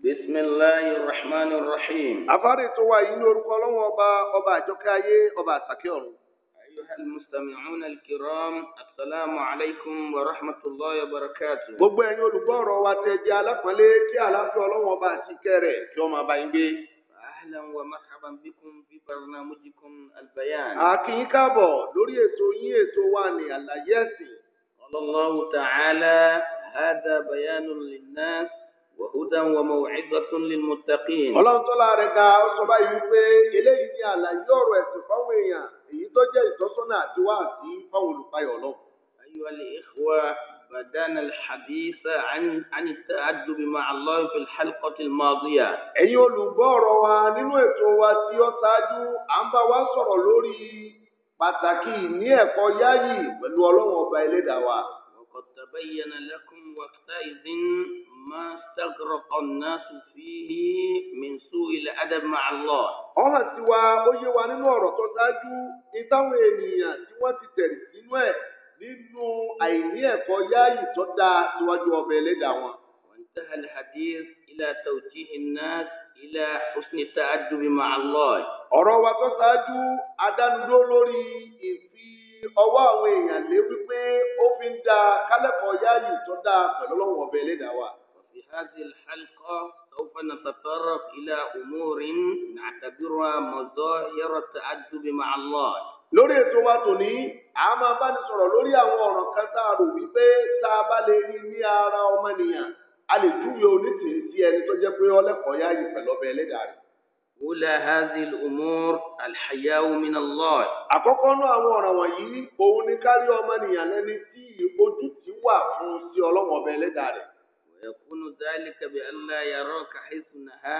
bisimilayi rahman rahim. afárí tó wà yìí ní orúkọ ọlọ́wọ́n ọba ọba àjọkẹ́ ayé ọba àsàkẹ́ ọ̀run. أيها المستمعون الكرام السلام عليكم ورحمة الله وبركاته. gbogbo ẹ̀yin olùgbọ́ ọ̀rọ̀ wa tẹ̀ jẹ́ alápọ̀nlé kí àlàáfíà ọlọ́wọ́n ọba àti kẹrẹ̀ kí ó máa bá yín gbé. أهلا ومرحبا بكم في برنامجكم البيان. a kí yín káàbọ̀ lórí ètò yín ètò wa ni àlàyé ẹ̀sìn. قال الله تعالى هذا بيان للناس wàhúdà wọn mọ wàhíkọtún lil muttaqin. ọlọ́run tó láàrin ga ó sọ báyìí wípé eléyìí ni àlàyé ọ̀rọ̀ ẹ̀sìn fáwọn èèyàn èyí tó jẹ́ ìtọ́sọ́nà àti wáàsí fáwọn olùpayọ̀ lọ. ayyuha al-ikhwa badana al-haditha an at-ta'addubi ma'a Allah fi al-halqati al-madiya. ẹ̀yin olùgbọ́ ọ̀rọ̀ wa nínú ètò wa tí ó ṣáájú à ń bá wa sọ̀rọ̀ lórí pàtàkì ní ẹ̀kọ́ yáyì pẹ̀lú ọlọ́run ọba ẹlẹ́dàá wa. وقد تبين لكم وقتئذ ما استغرق الناس فيه من سوء الأدب مع الله. ọ̀hún ti wá ó yé wa nínú ọ̀rọ̀ tó ṣáájú ní táwọn ènìyàn tí wọ́n ti tẹ̀lé nínú ẹ̀ nínú àìní ẹ̀kọ́ yáàyè tó dáa síwájú ọbẹ̀ ẹlẹ́dàá wọn. وانتهى الحديث إلى توجيه الناس إلى حسن التأدب مع الله. ọ̀rọ̀ wa tó ṣáájú adánudó lórí ìfi ọwọ́ àwọn èèyàn lé wípé ó fi ń da kálẹ̀kọ̀ yáàyè tó dáa pẹ̀lú ọlọ́run ọbẹ̀ ẹlẹ́dàá wa. وفي هذه الحلقة سوف نتطرق إلى أمور نعتبرها مظاهر التأدب مع الله. lórí ètò wa tòní a máa bá ní sọ̀rọ̀ lórí àwọn ọ̀ràn kan tá a rò wípé tá a bá lè rí ní ara ọmọnìyàn a lè júwe onítìí ẹni tó jẹ́ pé ọlẹ́kọ̀ọ́ yáàyè pẹ̀lú ọbẹ̀ ẹlẹ́dàá rẹ̀. wúlẹ̀ Hazel umur alḥayáwó min Allah. àkọ́kọ́ náà àwọn ọ̀ràn wọ̀nyí òun ni kárí ọmọnìyàn lẹ́ni tí ojú ti wà fún sí ọlọ́wọ̀n ọbẹ̀ ẹlẹ́dàá rẹ̀. ẹ̀kúnnù dáálí kàbí allah ya kàhísù ka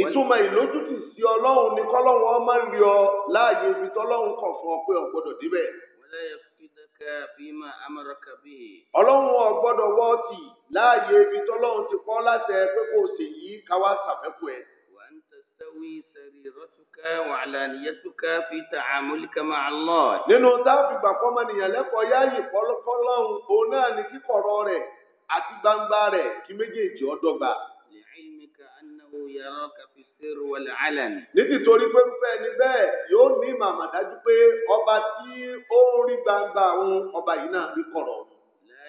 ìtumọ̀ ìlójútì sí ọlọ́run ni kọ́lọ́run ọmọ ń rí ọ láàyè ibi tọ́lọ́run kàn fún ọ pé ọ gbọ́dọ̀ débẹ̀. wọ́n yẹ ka bi. ọlọ́run ọ̀gbọ́dọ̀ wọ́ọ̀tì láàyè ibi tọ́lọ́run ti láṣẹ pé kò sì yí káwá تقوي سريرتك وعلانيتك في تعاملك مع الله. nínú táàbì gbàgbọ́ mọ́nìyàn lẹ́kọ̀ọ́ yáàyè kọ́lọ́kọ́lọ́hún òun náà ní kíkọ̀rọ̀ rẹ̀ àti gbangba rẹ̀ kí méjèèjì ọ̀dọ́gba. لعلمك أنه يراك في السر والعلن. nítorí pé rúfẹ́ ẹni bẹ́ẹ̀ yóò ní màmá dájú pé ọba tí ó ń rí gbangba òun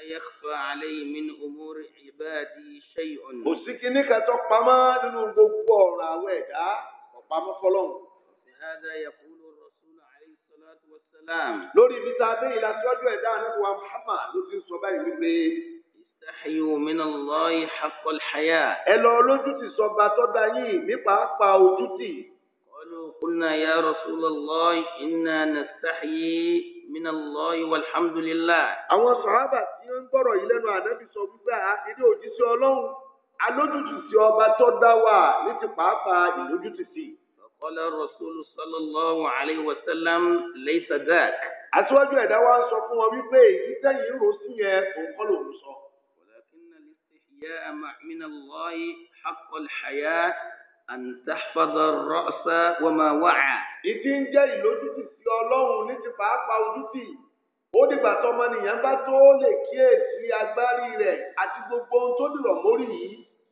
يخفى عليه من أمور عبادي شيء. kò sí kinní kan tó pamọ́ nínú gbogbo ọ̀ràn àwọn ẹ̀dá kò pamọ́ fọlọ́hún. هذا يقول الرسول عليه الصلاة والسلام. lórí ibi tá a dé ìlà síwájú ẹ̀dá anáwó Muhammad ló ti ń sọ báyìí wípé. استحيوا من الله حق الحياة. ẹ lọ lójútì sọba tó dá yìí ní pàápàá ojútì. قالوا قلنا يا رسول الله إنا نستحيي minallahi walhamdulillah. àwọn sàhábà tí ń gbọ́rọ̀ yìí lẹ́nu ànábì sọ wípé ah, ilé òjíṣẹ́ ọlọ́run alójútì sí ọba tó dá wà ní ti pàápàá ìlójútì sí. ọ̀kọ́lẹ̀ rọ̀ṣọ́lù sallallahu alayhi wa sallam laysa dhak. àtiwájú ẹ̀dá wa sọ fún wọn wípé èyí tẹ́yìn rò sí yẹn òǹkọ́ lòun sọ. walakinna al-istihya' minallahi haqqul àǹtàfàdà rọ́ọ̀sà wọ́mà wáà. ìdí ń jẹ́ ìlójútì sí ọlọ́run ní ti pàápàá ojútì ó dìgbà tọmọnìyàn bá tó lè kíyèsí agbárí rẹ̀ àti gbogbo ohun tó dìrọ̀ mórí yìí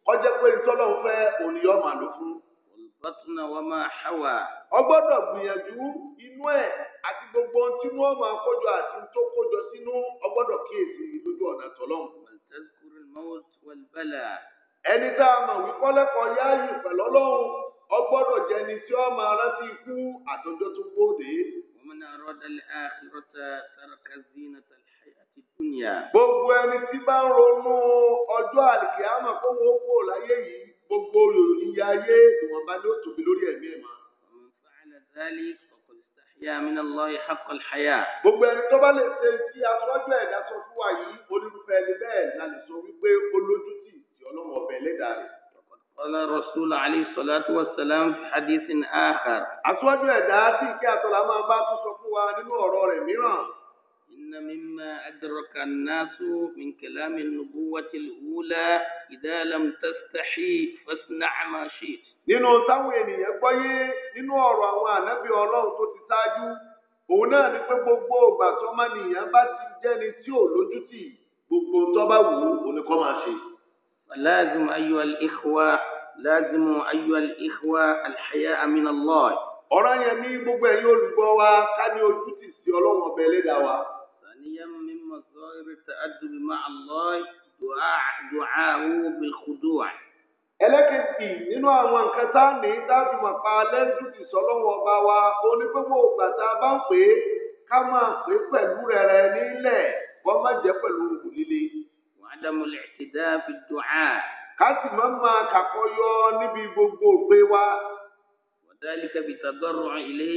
kọjá pé ìtọ́lọ́run fẹ́ òníyàn mà ló fún. olùbátúnà wa máa ṣàwà. ọgbọ́dọ̀ gbìyànjú inú ẹ̀ àti gbogbo ohun tí máa àti tó sínú ọgbọ́dọ̀ kíyèsí lójú ọ̀nà tọ́lọ́run. ẹni tá a mọ̀ wí kọ́lẹ́kọ̀ọ́ yáàyè pẹ̀lú ọlọ́run ọgbọ́dọ̀ jẹ́ ni tí ó máa rántí ikú àtọ́jọ́ tó gbòde. ọmọnà rọdàlẹ àkìrọta tàràkà zina àti dúnìá. gbogbo ẹni tí bá ń ronú ọjọ́ àlìkìyàmọ̀ kó wọn ó kó láyé yìí gbogbo ìyá ayé ìwọ̀nba ni ó tóbi lórí ẹ̀mí ẹ̀ mọ́. Gbogbo ẹni tó bá lè ṣe tí aṣọ́jú ẹ̀dá sọ fún wa yìí, ẹni bẹ́ẹ̀ la lè sọ wípé olójú ti ọlọ́run ọbẹ̀ ẹlẹ́dàá rẹ̀. Ọlá Rọ̀ṣúlá Ali Sọ̀látú Wàsálàm Hadísì Àhàr. Aṣọ́jú ẹ̀dá tí ìké àtọ́lá máa bá tún sọ fún wa nínú ọ̀rọ̀ rẹ̀ mìíràn. Inna mimma adraka an-nasu min kalami an-nubuwwati al-ula idha lam Nínú táwọn ènìyàn gbọ́yé nínú ọ̀rọ̀ àwọn ànábì ọlọ́run tó ti ṣáájú. Òun náà ni pé gbogbo ìgbà tọ́mọnìyàn bá ti jẹ́ni tí ò lójútì gbogbo tó bá wù ú òun ni kó máa ṣe. ولازم أيها الإخوة لازم أيها الإخوة الحياء من الله ọ̀ràn yẹn ní gbogbo ẹ̀yin olùgbọ́ wa ká ní ojú ti sí ọlọ́run ọbẹ̀ ẹlẹ́dà wa. ثانياً من مظاهر التأدب مع الله دعاءه بالخضوع. ẹlẹ́kẹ̀sì nínú àwọn nǹkan tá a ní tá a fi mọ̀ pa lẹ́ńdù ti sọ lọ́wọ́ ọba wa ó ní pé gbogbo ìgbà tá a bá ń pè é ká máa pè é pẹ̀lú rẹ̀rẹ̀ nílẹ̀ wọ́n má jẹ́ pẹ̀lú òògùn líle àdàmú lẹ́tìdá fi dùn á. ká sì máa máa kàkọ́yọ́ níbi gbogbo ògbé wa. wọ́dà ní kẹ́bi tàdọ́rọ̀ ilé.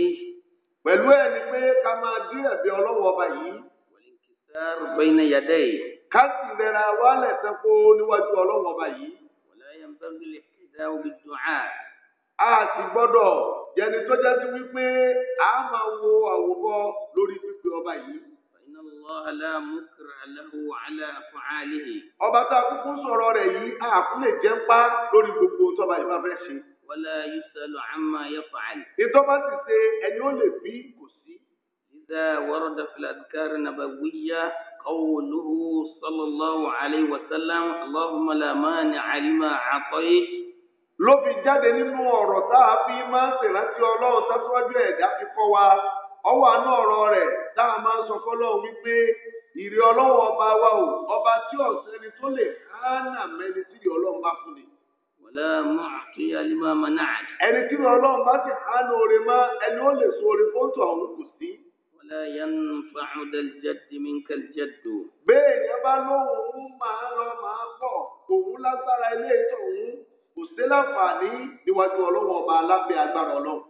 pẹ̀lú ẹ̀ ni pé ká máa dí ẹ̀bí ọlọ́wọ́ ọba yìí. wọ́n ń kí sáárù bẹ́ẹ̀ ní yàdá yìí. ká sì rẹra wálẹ̀ sanko níwájú ọlọ́wọ́ ọba yìí. wọ́n yẹn bá ń lè ṣẹ̀dá omi dùn á. a sì gbọ́dọ̀ jẹni tó jásí wípé a máa wo àwòbọ lórí pípé ọba yìí ọba tá a kúkú sọ̀rọ̀ rẹ̀ yìí a kú lè jẹ́ ń pa lórí gbogbo tọ́ba yìí bá fẹ́ ṣe. wala yusalu amma yaf'al. ìtọ́ba sì ṣe ẹni ó lè bí kò sí. idha warada fil adhkar nabawiyya qawluhu sallallahu alayhi wa sallam allahumma la mani'a lima ló fi jáde nínú ọ̀rọ̀ tá fi máa ń ṣèrántí ọlọ́run tá ìrì ọlọ́run ọba wa o ọba tí ọ̀sẹ́ni tó lè hánà mẹ́ni tí ìrì ọlọ́run bá fún ni. wọlé mọ àkíyà ni máa ma náà. ẹni tí ìrì ọlọ́run bá ti hánà oore mọ́ ẹni ó lè so oore fóńtò àwọn kò sí. wọlé yẹn ń fa ọ̀dẹ̀lẹ̀jẹ̀dì mi kẹ̀lẹ̀jẹ̀dò. bẹ́ẹ̀ yẹn bá lóhùn máa lọ máa bọ̀ òun lágbára ilé ìtọ̀ kò sí láǹfààní níwájú ọlọ́run ọba alábẹ́ agbára ọlọ́run.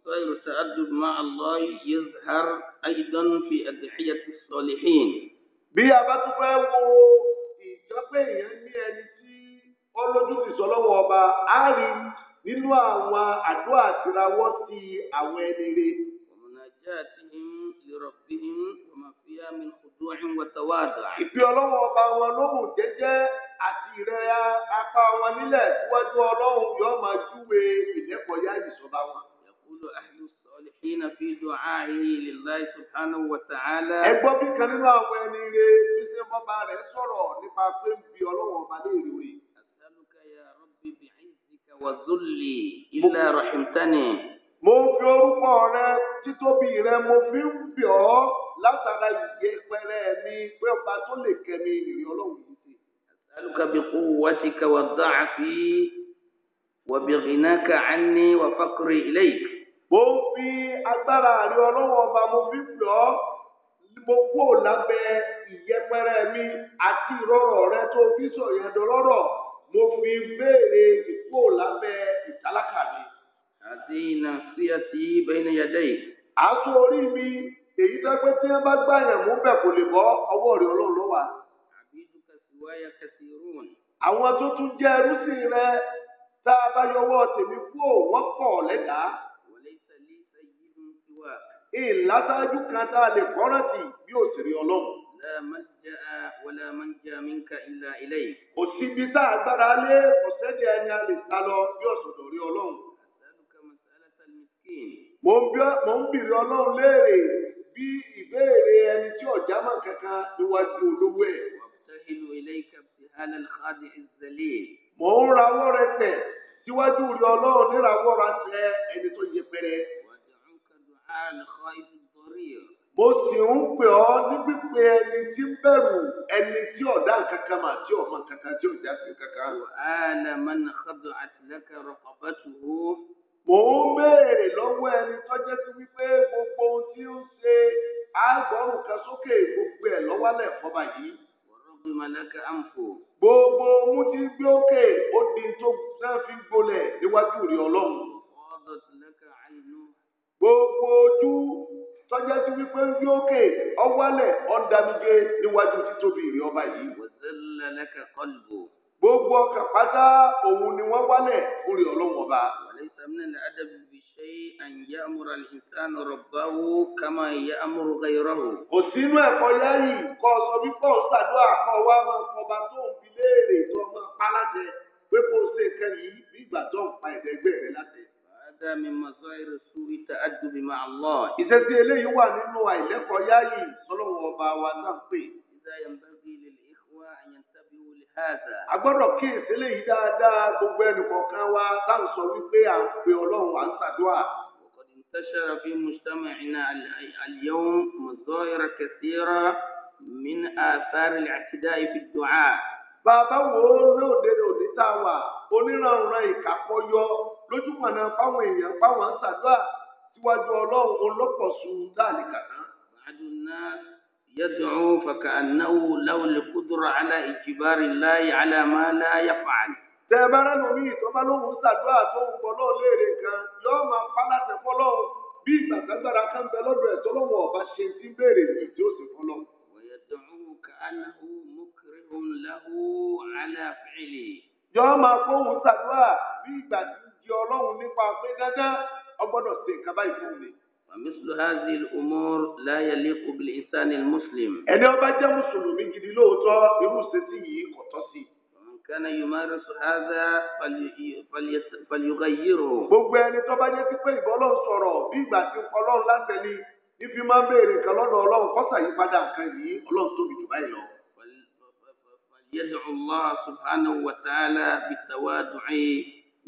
وسائر التأدب مع الله يظهر أيضا في أدعية الصالحين bí a bá tún fẹ́ wo ìjọpẹ́ èèyàn ní ẹni tí ọlójú ti sọ lọ́wọ́ ọba á rí nínú àwọn àdúrà àtirawọ́ sí àwọn ẹni rẹ̀. ومناجاتهم لربهم وما فيها من خضوع وتواضع. ìfi ọlọ́wọ́ ọba wọn lóhùn jẹ́jẹ́ àti ìrẹ́ apá wọn nílẹ̀ síwájú ọlọ́run yóò máa júwe ìlẹ́kọ̀ọ́ yá ìsọba wọn. يقول أهل الصالحين في دعائه لله سبحانه وتعالى. ẹ gbọ́ bí kan nínú àwọn ẹni rẹ̀ bí ṣe bọ́ba rẹ̀ sọ̀rọ̀ nípa pé ń bi ọlọ́wọ́ ọba léèrè rẹ̀. أسألك يا ربي بعزك وذلي إلا رحمتني. mo fi orúkọ rẹ títóbi rẹ mo fi ń bì ọ́ látara ìyẹpẹrẹ mi pé ọba tó lè kẹ́mi ìrìn ọlọ́run yìí ṣe. أسألك بقوتك وضعفي وبغناك عني وفقري إليك mo ń fi agbára àrí ọlọ́wọ́ ọba mo fi pè ọ́ mo kúò lábẹ́ ìyẹpẹrẹ mi àti ìrọ̀rọ̀ rẹ tó fi sọ̀yẹ̀ dọ́lọ́rọ̀ mo fi béèrè ìkúò lábẹ́ ìtálákà mi. àti iná sí àti bẹ́ẹ̀ni yàjẹ́ yìí. àtò orí mi èyí tó tí wọ́n bá gbàyàn mú kò lè rẹ àbí sí wáyà kẹsì rẹ tá a bá yọwọ́ tèmi wọ́n ìlàsájú kan tá a lè kọ́rántì bí ó sì rí ọlọ́run. wala manja minka illa ilayhi. kò síbi tá a gbára lé ọ̀sẹ́dì ẹni a lè sá lọ bí ọ̀sọ̀dọ̀ rí ọlọ́run. mo ń bìrì ọlọ́run léèrè bí ìbéèrè ẹni tí ọ̀já mọ̀ kankan níwájú olówó ẹ̀. wabtahilu ilayka ibtihal al-khadi az mo ń rawọ́ rẹ̀ síwájú rí ọlọ́run nírawọ́ ra mo sì ń pè ọ́ ní pípe ẹni tí ń bẹ̀rù ẹni tí ọ̀dá kankan mà tí ọmọ kankan tí ọjà sí kankan. wàhálà mọ́nà kọ́dọ̀ àtìlẹ́kẹ̀ rọ̀kọ̀bẹ́tù o. mò ń béèrè lọ́wọ́ ẹni tọ́jẹ́ sí wípé gbogbo ohun tí ó ń ṣe àgbọ̀rùn kan sókè gbogbo ẹ̀ lọ́wọ́lẹ̀ fọba yìí. ọ̀rọ̀ mọ̀lẹ́kẹ̀ àǹfò. gbogbo ohun tí gbé òkè ó di tó fẹ́ fi gbolẹ̀ níwájú rí ọlọ́run gbogbo ojú tọ́jà sí wípé ń yókè ọwálẹ̀ ọ̀ndàmíje níwájú títóbi ìrì ọba yìí. wọ́sẹ̀lẹ̀lẹ́kẹ̀ kọlùbò. gbogbo ọkàn pátá òun ni wọ́n wálẹ̀ orí ọlọ́wọ́n ọba. wàlẹ́ sàmìnà ní adabi bíi ṣe àyè amúra ìsàn rọ̀báwó kama ìyá amúra gayọ̀rọ̀wò. kò sínú ẹ̀kọ́ yáyì kọ́ sọ wípé ọ̀sàdúrà kọ́ wa máa kọba tó ń bi léèrè tó máa pa láṣẹ pé kó o ṣe hadha min mazahiri su'i ta'addub ma'a Allah. ìṣesí eléyìí wà nínú àìlẹ́kọ̀ọ́ yáàyè sọlọ́wọ́ ọba wa náà pè. ìdá yanbaghi lil ikhwa an yantabihu li hadha. a gbọ́dọ̀ kíyèsí eléyìí dáadáa gbogbo ẹnì kọ̀ọ̀kan wa táwọn sọ wípé à ń pe ọlọ́run à ń ṣàdúrà. وقد انتشر في مجتمعنا اليوم مظاهر كثيرة من آثار الاعتداء في الدعاء. bàbá wo lóde òde tá a wà onírànran ìkàkọ́ yọ lójúkànnà fáwọn èèyàn fáwọn ń ṣàdúrà síwájú ọlọ́run olókọ̀sùn dáàlì kàná. àdùnnà yad'u faka'annahu lahu al-qudra ala ijbari Allahi ala ma la yaf'al. tẹ ẹ bá rẹ́nu mi ìtọ́ba lóhùn ṣàdúrà tó ń bọ̀ náà léèrè kan yóò máa pa láti fọ́lọ́ bí ìgbà gbàgbára kan bẹ lọ́dọ̀ ẹ̀ tọ́lọ́wọ́ ọba ṣe ti béèrè ní tí ó fọ́lọ́. wa máa fóhùn ṣàdúrà bí ìgbà tí ti ọlọ́run nípa pé dandan ọgbọ́dọ̀ ṣe nǹkan báyìí fún mi. Àmísù Hazil Umar láyé lẹ́kọ̀ọ́ bíi Ìsánì Mùsùlùm. Ẹni ọba jẹ́ Mùsùlùmí gidi lóòótọ́ irú ìṣesí yìí kò tọ́ sí. Kana yumarisu hadha falyughayyiru. Gbogbo ẹni tó bá jẹ́ sí pé ìbọ́lọ̀ sọ̀rọ̀ bí ìgbà tí ọlọ́run láṣẹ ni ifi máa ń béèrè kan lọ́dọ̀ ọlọ́run kọ́sà yípadà kan yìí ọlọ́run tóbi jù báyìí lọ. Yẹ́dùn Allah subhanahu wa ta'ala bitawadu'i.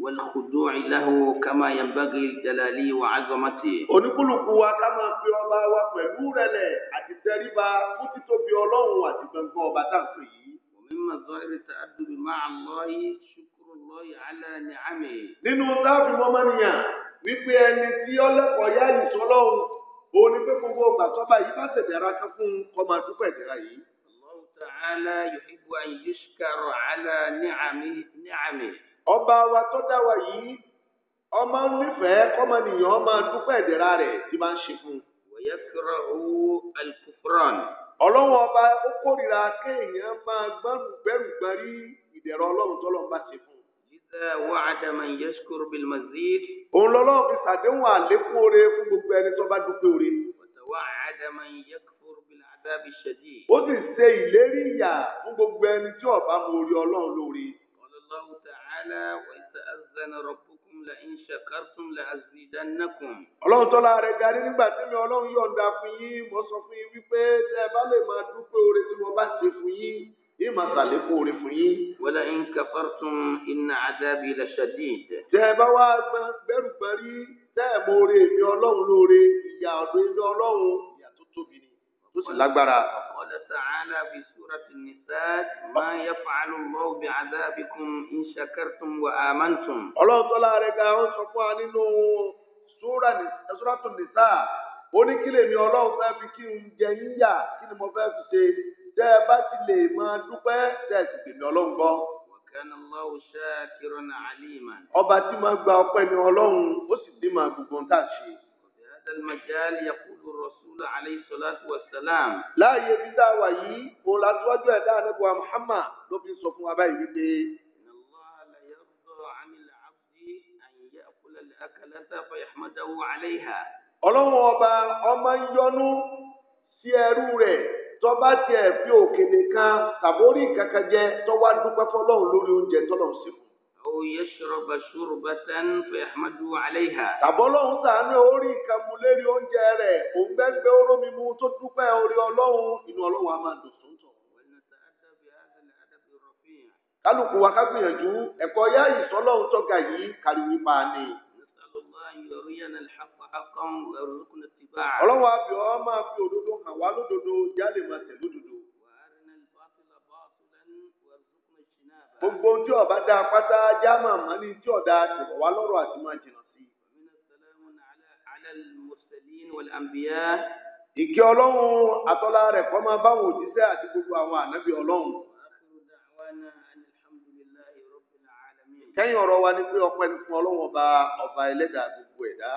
والخضوع له كما ينبغي لجلاله وعظمته oníkúlùkù wa ká máa pe ọba wa pẹ̀lú rẹ̀lẹ̀ àti tẹríba fún títóbi ọlọ́run àti gbọ̀ngàn ọba tá à ń pè yìí. ومن مظاهر التأدب مع الله شكر الله على نعمه. nínú táàbù mọ́mọ́nìyàn wípé ẹni tí ọlẹ́kọ̀ọ́ yá ìṣọlọ́run òun ni pé gbogbo ọgbà tọ́ba yìí bá ṣẹ̀dára kan fún un kọ́ máa dúpẹ́ ìdẹ́ra yìí. الله تعالى يحب أن يشكر على نعمه نعمه ọba wa tó dá wa yìí ọmọ nífẹ̀ẹ́ kọ́mọnìyàn ọmọ dúpẹ́ ìdẹ̀ra rẹ̀ tí máa ń ṣe fún un. wòye kúrò owó alikufran. ọlọ́wọ́n ọba ó kórìíra kéèyàn máa gbẹ́rùgbẹ́rì ìdẹ̀rọ ọlọ́run tó lọ́n bá ṣe fún un. jíjẹ wà á dàmà yẹsùkúrò bíi mazid. òun lọ́lọ́run fi ṣàdéhùn àlékún oore fún gbogbo ẹni tó bá dúpẹ́ oore. wà á dàmà yẹsùkúrò bíi àdábì ṣẹ̀dí. ó sì ṣe ìlérí ìyà fún gbogbo ẹni tí ó bá mọ ọlọ́run lóore. تعالى ويتأذن ربكم لئن شكرتم لأزيدنكم. ọlọ́run tọ́lá rẹ̀ ga ní nígbà tí mi ọlọ́run yọ̀ǹda fún yín mo sọ fún yín wípé tẹ́ ẹ bá lè máa dúpẹ́ oore tí mo bá ṣe fún yín yín máa ṣàlékún oore fún yín. ولئن كفرتم إن عذابي لشديد. tẹ́ ẹ bá wá gbẹ́rù parí tẹ́ ẹ mọ oore mi ọlọ́run lóore ìyà ọ̀dọ̀ ilé ọlọ́run ìyà tó tóbi ni tó sì lágbára. ọ̀kọ́lẹ̀ tààlà fi سورة النساء ما يفعل الله بعذابكم إن شكرتم وآمنتم الله تعالى رجعه سبحانه nínú súrà Suratu Nisa oníkìlẹ̀ mi ọlọ́run fẹ́ fi kí n jẹ yíyà kí ni mo fẹ́ fi ṣe tẹ́ ẹ bá ti lè máa dúpẹ́ tẹ́ ẹ sì pè mí ọlọ́run gbọ́. wa kana Allahu shakiran aliman. ọba tí máa gba ọpẹ́ ni ọlọ́run ó sì ní máa gbogbo ohun tá a ṣe. ọ̀bẹ̀ adal majal yaqulu Musa alayhi salatu wa salam. láàyè bí tá a wà yìí òun la síwájú ẹ̀dá anábọ̀ Muhammad ló fi sọ fún wa báyìí wípé. ọlọ́run ọba ọmọ ń yọnu sí ẹrú rẹ̀ tọ́ba tiẹ̀ fi òkèlè kan tàbórí kankan jẹ tọ́wá dúpẹ́ fọlọ́run lórí oúnjẹ tọ́lọ́run sí fún ó yẹ ṣọrọba ṣọrọba tán fẹ́ ahmadu alayha. tàbọ́lọ́hún sàánú orí nǹkan mu lérí oúnjẹ rẹ̀ òun gbẹ́ngbẹ́ olómi mu tó dúpẹ́ orí ọlọ́run inú ọlọ́run a máa dùn sóńtọ̀. kálukú wa ká gbìyànjú ẹ̀kọ́ yá ìsọlọ́run tọ́ga yìí kárí wípa ni. ọlọ́run àbí ọ máa fi òdodo hàn wá lódodo yálè máa tẹ̀ lódodo. gbogbo ohun tí ọba dáa pátá já máa mọ ní tí ọ̀dà ti bọ̀ wá àti máa jìnnà sí. ìkẹ́ ọlọ́run àtọ́lá rẹ̀ kọ́ máa báwọn òjíṣẹ́ àti gbogbo àwọn ànábì ọlọ́run. kẹ́yìn ọ̀rọ̀ wa ni pé ọpẹ́ ní fún ọlọ́run ọba ọba ẹlẹ́dàá gbogbo ẹ̀dá.